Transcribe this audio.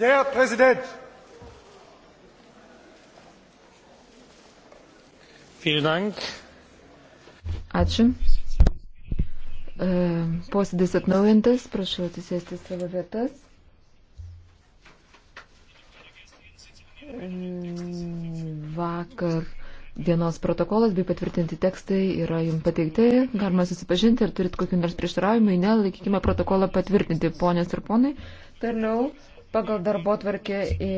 Der Präsident! Vielen Dank. Ačiū. E, posėdis atnaujintas, prašau atsisėsti savo vietas. Vakar dienos protokolas bei patvirtinti tekstai yra jums pateikti, galima susipažinti, ar turit kokių nors prieštaravimų, ne, laikykime protokolą patvirtinti, ponės ir ponai. Toliau Pagal darbo tvarkę